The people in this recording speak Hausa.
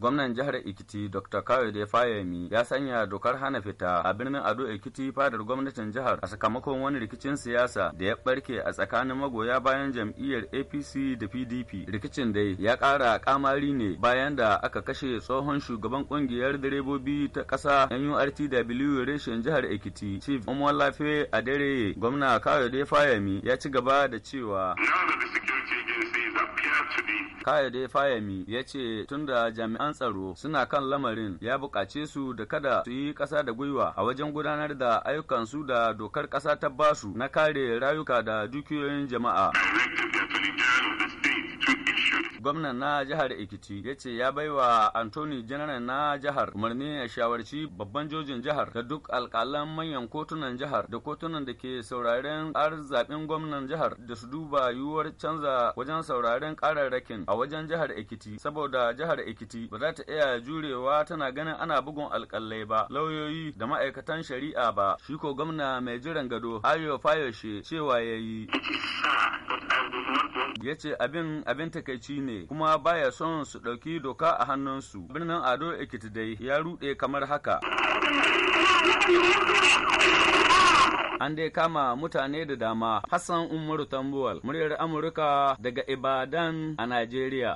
Gwamnan jihar Ekiti Dr. Kayode Fayemi ya sanya dokar hana fita a birnin Ado Ekiti fadar gwamnatin jihar a sakamakon wani rikicin siyasa da ya barke a tsakanin magoya bayan jam'iyyar APC da PDP. Rikicin dai ya ƙara kamari ne bayan da aka kashe tsohon shugaban kungiyar direbobi ta ƙasa NURTW reshen jihar Ekiti Chief Omolafe Adereye. Gwamna Kayode Fayemi ya ci gaba da cewa Kayode Fayemi ya ce tunda jami'an jami'an tsaro suna kan lamarin ya buƙace su da kada su yi ƙasa da gwiwa a wajen gudanar da ayyukansu da dokar ƙasa ta basu na kare rayuka da dukiyoyin jama'a. gwamnan na jihar Ekiti ya ce ya bai wa Anthony General na jihar umarni ya shawarci babban jojin jihar da duk alkalan manyan kotunan jihar da kotunan da ke sauraren har zaɓen gwamnan jihar da su duba yiwuwar canza wajen sauraren ƙararrakin a wajen jihar Ekiti saboda jihar Ekiti ba za ta iya jurewa tana ganin ana bugun alkalai ba lauyoyi da ma'aikatan shari'a ba shi ko gwamna mai jiran gado Ayo Fayoshe cewa ya yi. Ya ce abin abin takaici ne ne kuma baya son su ɗauki doka a hannunsu. Birnin Ado Ekiti dai ya ruɗe kamar haka. An dai kama mutane da dama Hassan Umaru Tambuwal, muryar Amurka daga Ibadan a Najeriya.